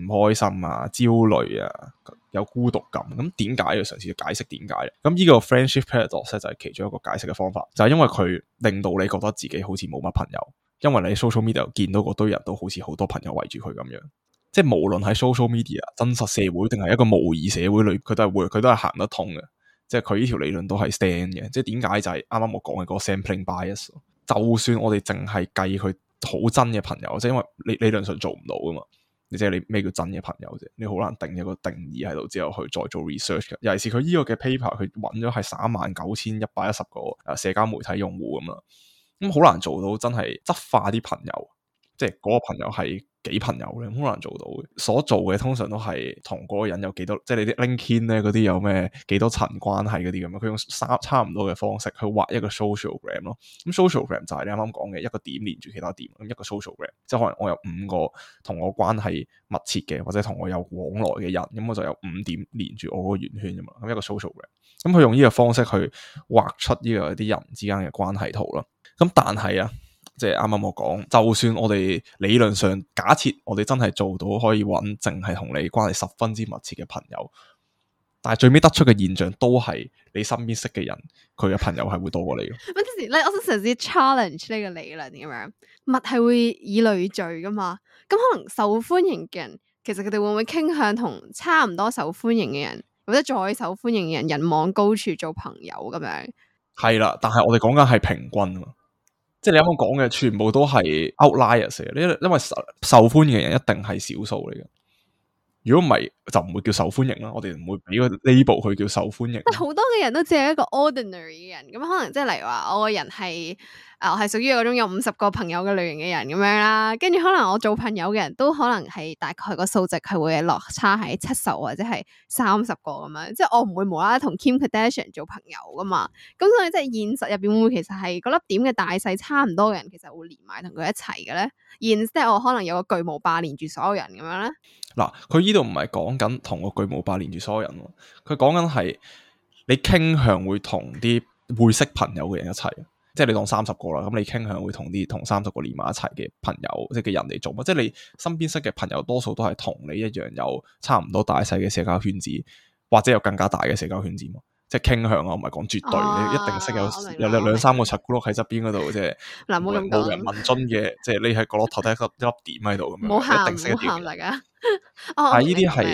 唔開心啊，焦慮啊，有孤獨感。咁點解要嘗試解釋？點解？咁呢個 friendship paradox 咧就係其中一個解釋嘅方法，就係因為佢令到你覺得自己好似冇乜朋友，因為你 social media 見到個堆人都好似好多朋友圍住佢咁樣，即係無論喺 social media 真實社會定係一個模擬社會裏，佢都係會佢都係行得通嘅。即係佢呢條理論都係 stand 嘅。即係點解就係啱啱我講嘅個 sampling bias，就算我哋淨係計佢好真嘅朋友，即係因為理理論上做唔到噶嘛。即你即係你咩叫真嘅朋友啫？你好難定一個定義喺度，之後去再做 research 嘅，尤其是佢呢個嘅 paper 佢揾咗係三萬九千一百一十個誒社交媒體用戶咁啊，咁好難做到真係執化啲朋友，即係嗰個朋友係。幾朋友咧，好難做到嘅。所做嘅通常都係同嗰個人有幾多，即係你啲 LinkedIn 咧嗰啲有咩幾多層關係嗰啲咁啊，佢用三差唔多嘅方式去畫一個 social gram 咯。咁、嗯、social gram 就係你啱啱講嘅一個點連住其他點，咁一個 social gram 即係可能我有五個同我關係密切嘅，或者同我有往來嘅人，咁、嗯、我就有五點連住我個圓圈啫嘛。咁一個 social gram 咁佢、嗯、用呢個方式去畫出呢個啲人之間嘅關係圖啦。咁、嗯、但係啊。即係啱啱我講，就算我哋理論上假設我哋真係做到可以穩，淨係同你關係十分之密切嘅朋友，但係最尾得出嘅現象都係你身邊識嘅人，佢嘅朋友係會多過你嘅。咁同時咧， 我想嘗試 challenge 呢個理論咁樣，物係會以類聚噶嘛。咁可能受歡迎嘅人，其實佢哋會唔會傾向同差唔多受歡迎嘅人，或者再受歡迎嘅人，人往高處做朋友咁樣？係啦，但係我哋講緊係平均即係你啱啱講嘅，全部都係 outliers 嘅，因因為受受歡迎嘅人一定係少數嚟嘅。如果唔係，就唔會叫受歡迎啦。我哋唔會俾個 label 佢叫受歡迎。但好多嘅人都只係一個 ordinary 嘅人，咁可能即係例如話我個人係。啊，係屬於嗰種有五十個朋友嘅類型嘅人咁樣啦，跟住可能我做朋友嘅人都可能係大概個數值係會落差喺七十或者係三十個咁樣，即係我唔會無啦啦同 Kim Kardashian 做朋友噶嘛，咁所以即係現實入邊會唔會其實係嗰粒點嘅大細差唔多嘅人，其實會連埋同佢一齊嘅咧？然之後我可能有個巨無霸連住所有人咁樣咧？嗱，佢呢度唔係講緊同個巨無霸連住所有人，佢講緊係你傾向會同啲會識朋友嘅人一齊。即係你當三十個啦，咁你傾向會同啲同三十個連埋一齊嘅朋友，即係叫人嚟做嘛？即係你身邊識嘅朋友，多數都係同你一樣有差唔多大細嘅社交圈子，或者有更加大嘅社交圈子嘛？即係傾向啊，唔係講絕對，啊、你一定識有有兩三個七姑碌喺側邊嗰度，即係冇人問津嘅，即係你喺角落頭睇一粒一粒點喺度咁樣，冇喊冇喊大家。哦、但係呢啲係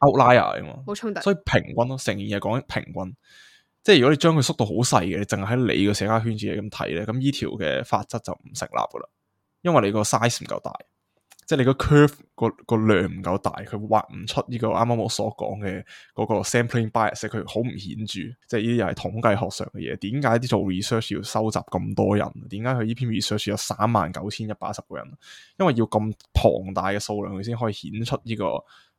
outlier 啊嘛，嗯、衝所以平均咯，成件事講平均。即係如果你將佢縮到好細嘅，你淨係喺你個社交圈子嚟咁睇咧，咁呢條嘅法則就唔成立㗎啦。因為你個 size 唔夠大，即係你個 curve 個個量唔夠大，佢畫唔出呢個啱啱我所講嘅嗰個 sampling bias，佢好唔顯著。即係呢啲又係統計學上嘅嘢。點解啲做 research 要收集咁多人？點解佢呢篇 research 有三萬九千一百八十個人？因為要咁龐大嘅數量，佢先可以顯出呢個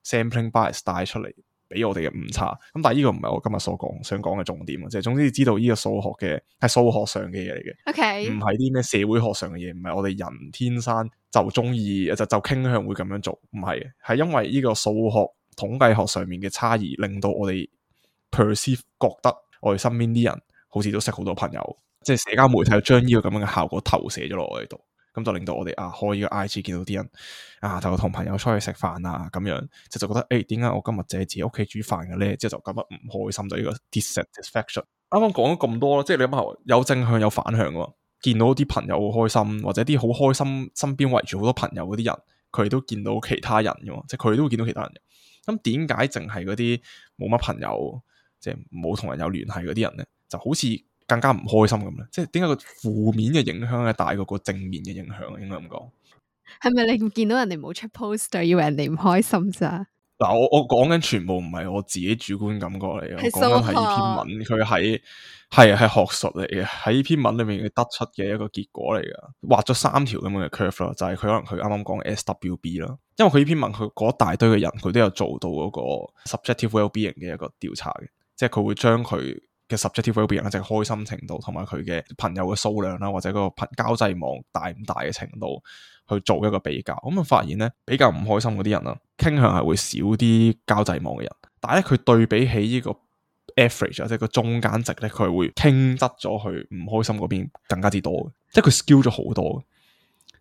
sampling bias 帶出嚟。俾我哋嘅誤差咁，但係呢個唔係我今日所講想講嘅重點啊。即係總之知道呢個數學嘅係數學上嘅嘢嚟嘅，OK，唔係啲咩社會學上嘅嘢，唔係我哋人天生就中意就就傾向會咁樣做，唔係嘅係因為呢個數學統計學上面嘅差異，令到我哋 perceive 覺得我哋身邊啲人好似都識好多朋友，即係社交媒體將呢個咁樣嘅效果投射咗落我哋度。咁就令到我哋啊開呢個 I G 見到啲人啊，就同朋友出去食飯啊，咁樣即係就，就覺得誒，點、欸、解我今日淨係自己屋企煮飯嘅咧？之後就覺得唔開心，這個剛剛，就呢個 dissatisfaction s。啱啱講咗咁多，即係你諗下，有正向有反向噶。見到啲朋友好開心，或者啲好開心，身邊圍住好多朋友嗰啲人，佢都見到其他人嘅嘛，即係佢都會見到其他人。嘅。咁點解淨係嗰啲冇乜朋友，即係冇同人有聯繫嗰啲人咧，就好似，更加唔開心咁咧，即係點解個負面嘅影響咧大過個正面嘅影響啊？應該咁講，係咪你見到人哋冇出 post 就以為人哋唔開心咋？嗱，我我講緊全部唔係我自己主觀感覺嚟嘅。是說 我啊，講緊係呢篇文佢喺係係學術嚟嘅，喺呢篇文裏面佢得出嘅一個結果嚟嘅，畫咗三條咁樣嘅 curve 啦，就係佢可能佢啱啱講嘅 SWB 啦，因為佢呢篇文佢嗰一大堆嘅人佢都有做到嗰個 subjective well-being 嘅一個調查嘅，即係佢會將佢。嘅 subjective 嗰邊咧，就係開心程度同埋佢嘅朋友嘅數量啦，或者嗰個朋交際網大唔大嘅程度去做一個比較，咁、嗯、啊發現咧比較唔開心嗰啲人啦，傾向係會少啲交際網嘅人，但係咧佢對比起呢個 average 或者個中間值咧，佢會傾側咗去唔開心嗰邊更加之多嘅，即係佢 skill 咗好多，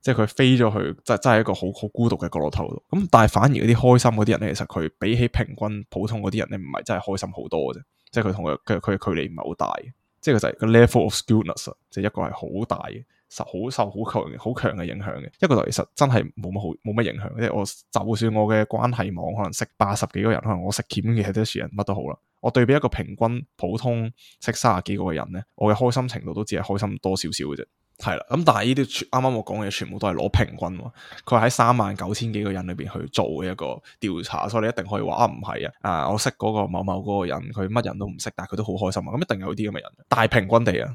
即係佢飛咗去真真係一個好好孤獨嘅角落頭度。咁、嗯、但係反而嗰啲開心嗰啲人咧，其實佢比起平均普通嗰啲人咧，唔係真係開心好多嘅啫。即係佢同佢佢佢嘅距離唔係好大，即係佢就係個 level of skillness，就一個係好大，受好受好強好強嘅影響嘅。一個就其實真係冇乜好冇乜影響，即係我就算我嘅關係網可能識八十幾個人，可能我識險嘅好多事人，乜都好啦。我對比一個平均普通識卅幾個人咧，我嘅開心程度都只係開心多少少嘅啫。係啦，咁但係呢啲啱啱我講嘅全部都係攞平均，佢喺三萬九千幾個人裏邊去做嘅一個調查，所以你一定可以話唔係啊！啊，我識嗰個某某嗰個人，佢乜人都唔識，但係佢都好開心啊！咁、嗯、一定有啲咁嘅人，大平均地啊。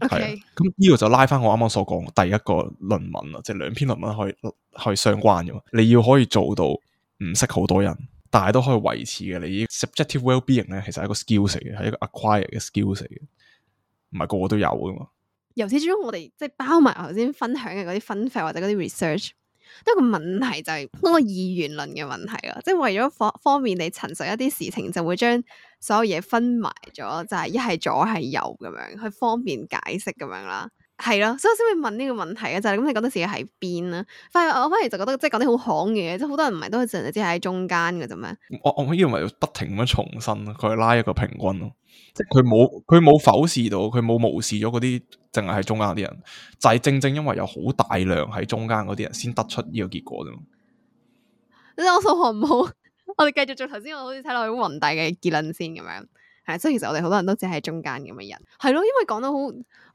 OK，咁呢、嗯這個就拉翻我啱啱所講第一個論文啦，即係兩篇論文可以可以相關嘅。你要可以做到唔識好多人，但係都可以維持嘅，你 subjective well being 咧，其實係一個 skills 嚟嘅，係一個 acquired 嘅 skills 嚟嘅，唔係個個都有噶嘛。由始至終我，我哋即係包埋頭先分享嘅嗰啲分費或者嗰啲 research，都係個問題就係嗰個二元論嘅問題咯，即係為咗方方便你陳述一啲事情，就會將所有嘢分埋咗，就係一係左係右咁樣去方便解釋咁樣啦。係咯，所以我先會問呢個問題嘅就係咁，你覺得自己喺邊啦？但係我反而就覺得，即係講啲好巷嘅嘢，即係好多人唔係都係只係喺中間嘅啫咩？我我反而認為不停咁樣重申，佢拉一個平均咯，即係佢冇佢冇否視到，佢冇無視咗嗰啲淨係喺中間嗰啲人，就係正正因為有好大量喺中間嗰啲人，先得出呢個結果啫。你我數學唔好，我哋繼續做頭先，我好似睇落去好宏大嘅結論先咁樣。係，所以其實我哋好多人都只係中間咁嘅人，係咯，因為講到好，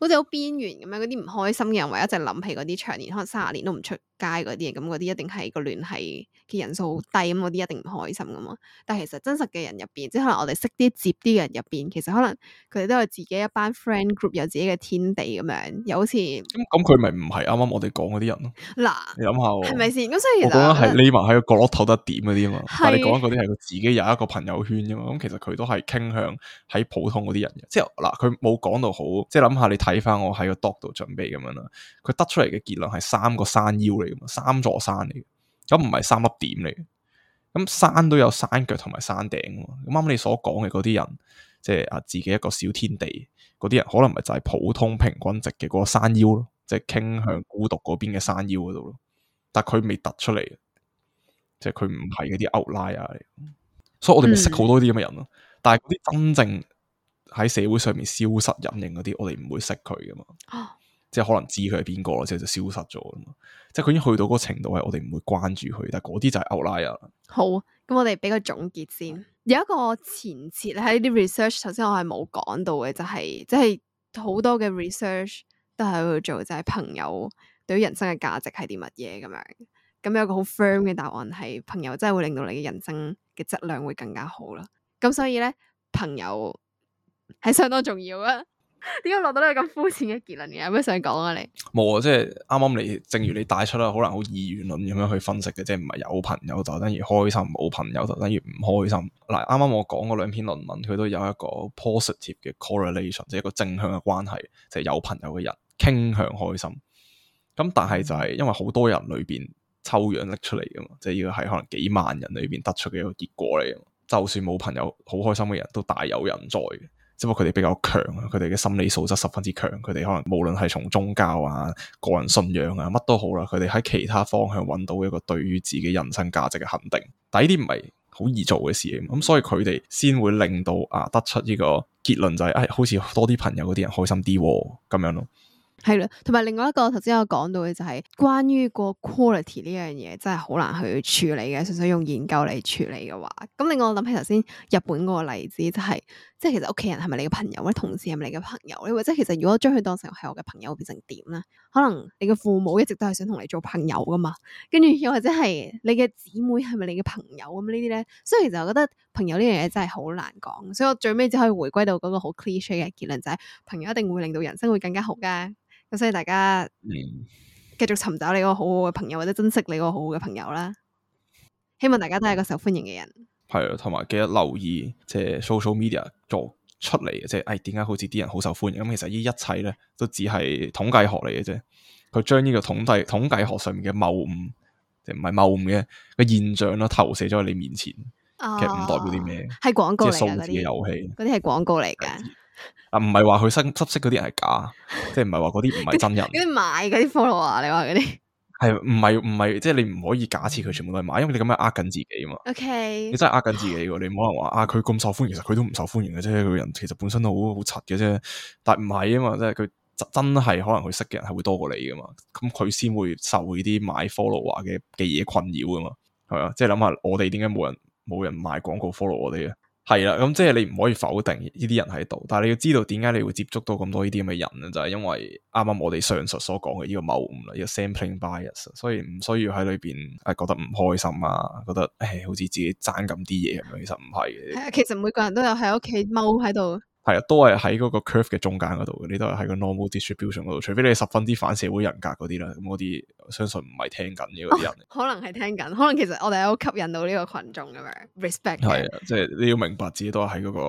好似好邊緣咁樣嗰啲唔開心嘅人，或者一直諗起嗰啲長年可能卅年都唔出街嗰啲啊，咁嗰啲一定係個聯繫嘅人數好低，咁嗰啲一定唔開心噶嘛。但係其實真實嘅人入邊，即係可能我哋識啲接啲人入邊，其實可能佢哋都有自己一班 friend group，有自己嘅天地咁樣，又好似咁咁佢咪唔係啱啱我哋講嗰啲人咯？嗱嘞，你諗下係咪先？咁即係我講緊係匿埋喺個角落頭得點啲啊嘛。但你講啲係佢自己有一個朋友圈噶嘛？咁其實佢都係傾向喺普通啲人嘅。即係嗱，佢冇講到好，即係諗下你睇翻我喺個 doc 度準備咁樣啦。佢得出嚟嘅結論係三個山腰嚟。三座山嚟，咁唔係三粒點嚟。咁山都有山腳同埋山頂，咁啱啱你所講嘅嗰啲人，即係阿自己一個小天地嗰啲人，可能咪就係普通平均值嘅嗰個山腰咯，即係傾向孤獨嗰邊嘅山腰嗰度咯。但佢未突出嚟，即係佢唔係嗰啲 outlier 嚟。所以我哋咪識好多啲咁嘅人咯，嗯、但係啲真正喺社會上面消失隱形嗰啲，我哋唔會識佢噶嘛。啊即係可能知佢係邊個，之後就消失咗。即係佢已經去到嗰個程度，係我哋唔會關注佢。但係嗰啲就係 outlier。好，咁我哋俾個總結先。有一個前設喺啲 research，頭先我係冇講到嘅，就係即係好多嘅 research 都喺度做，就係、是、朋友對於人生嘅價值係啲乜嘢咁樣。咁有個好 firm 嘅答案係，朋友真係會令到你嘅人生嘅質量會更加好啦。咁所以咧，朋友係相當重要啊。點解落到呢個咁膚淺嘅結論嘅？有咩想講啊？你冇啊，即係啱啱你正如你帶出啦，好難好二元論咁樣去分析嘅，即係唔係有朋友就等於開心，冇朋友就等於唔開心。嗱，啱啱我講嗰兩篇論文，佢都有一個 positive 嘅 correlation，即係一個正向嘅關係，即係有朋友嘅人傾向開心。咁但係就係因為好多人裏邊抽樣拎出嚟㗎嘛，即係要係可能幾萬人裏邊得出嘅一個結果嚟，就算冇朋友好開心嘅人都大有人在。只不過佢哋比較強，佢哋嘅心理素質十分之強，佢哋可能無論係從宗教啊、個人信仰啊，乜都好啦，佢哋喺其他方向揾到一個對於自己人生價值嘅肯定。但係呢啲唔係好易做嘅事啊，咁所以佢哋先會令到啊得出呢個結論、就係，就係誒，好似多啲朋友嗰啲人開心啲咁、啊、樣咯。係啦，同埋另外一個，頭先我講到嘅就係、是、關於個 quality 呢樣嘢，真係好難去處理嘅。純粹用研究嚟處理嘅話，咁令我諗起頭先日本嗰個例子、就是，就係即係其實屋企人係咪你嘅朋友，或者同事係咪你嘅朋友咧？或者其實如果將佢當成係我嘅朋友，變成點咧？可能你嘅父母一直都係想同你做朋友㗎嘛，跟住又或者係你嘅姊妹係咪你嘅朋友咁呢啲咧？所以其實我覺得朋友呢樣嘢真係好難講，所以我最尾只可以回歸到嗰個好 cliche 嘅結論，就係、是、朋友一定會令到人生會更加好嘅。咁所以大家繼續尋找你個好好嘅朋友，或者珍惜你個好好嘅朋友啦。希望大家都係個受歡迎嘅人。係啊，同埋記得留意即係 social media 做出嚟嘅，即係，哎，點解好似啲人好受歡迎？咁其實呢一切咧都只係統計學嚟嘅啫。佢將呢個統計統計學上面嘅謬誤，即唔係謬誤嘅個現象咯，投射咗喺你面前，哦，其實唔代表啲咩。係廣告嚟嘅，即係數字嘅遊戲。啲係廣告嚟噶。.啊，唔係話佢識識識嗰啲人係假， 即係唔係話嗰啲唔係真人。嗰啲 買嗰啲 follow 啊、er,，是是就是，你話嗰啲係唔係唔係，即係你唔可以假設佢全部都係買，因為你咁樣呃緊自己嘛。O Okay . K，你真係呃緊自己喎，你冇可能話啊，佢咁受歡迎，其實佢都唔受歡迎嘅啫，佢個人其實本身都好好柒嘅啫。但唔係啊嘛，即係佢真真係可能佢識嘅人係會多過你噶嘛，咁佢先會受呢啲買 follow 啊、er、嘅嘅嘢困擾噶嘛，係啊，即係諗下我哋點解冇人冇人買廣告 follow 我哋啊？係啦，咁、嗯、即係你唔可以否定呢啲人喺度，但係你要知道點解你會接觸到咁多呢啲咁嘅人咧，就係、是、因為啱啱我哋上述所講嘅呢個謬誤啦，一、這個 sampling bias，所以唔需要喺裏邊係、哎、覺得唔開心啊，覺得誒、哎、好似自己爭咁啲嘢咁樣，其實唔係嘅。係啊，其實每個人都有喺屋企踎喺度。係啊，都係喺嗰個 curve 嘅中間嗰度，你都係喺個 normal distribution 嗰度，除非你十分之反社會人格嗰啲啦，咁嗰啲相信唔係聽緊嘅嗰啲人、哦，可能係聽緊，可能其實我哋有吸引到呢個群眾咁樣 respect 嘅。係啊，即係你要明白自己都係喺嗰個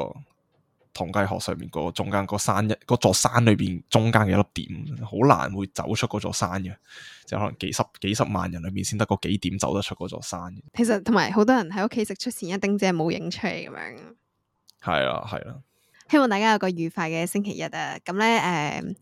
統計學上面個中間、嗰個山一，嗰座山裏邊中間嘅粒點，好難會走出嗰座山嘅，就可能幾十幾十萬人裏邊先得個幾點走得出嗰座山。其實同埋好多人喺屋企食出前一丁姐，冇影出嚟，咁樣，係啦，係啦。希望大家有個愉快嘅星期日啊！咁咧，誒，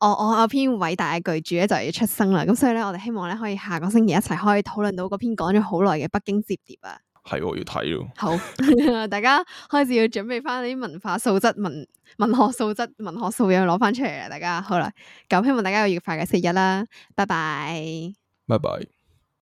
我我有篇偉大嘅巨著，咧就要出生啦，咁所以咧，我哋希望咧可以下個星期一齊可以討論到嗰篇講咗好耐嘅《北京折疊》啊！係我要睇咯， 好，大家開始要準備翻啲文化素質、文文學素質、文學素養攞翻出嚟啦，啊！大家好啦，咁希望大家有愉快嘅四日啦，拜拜，拜拜。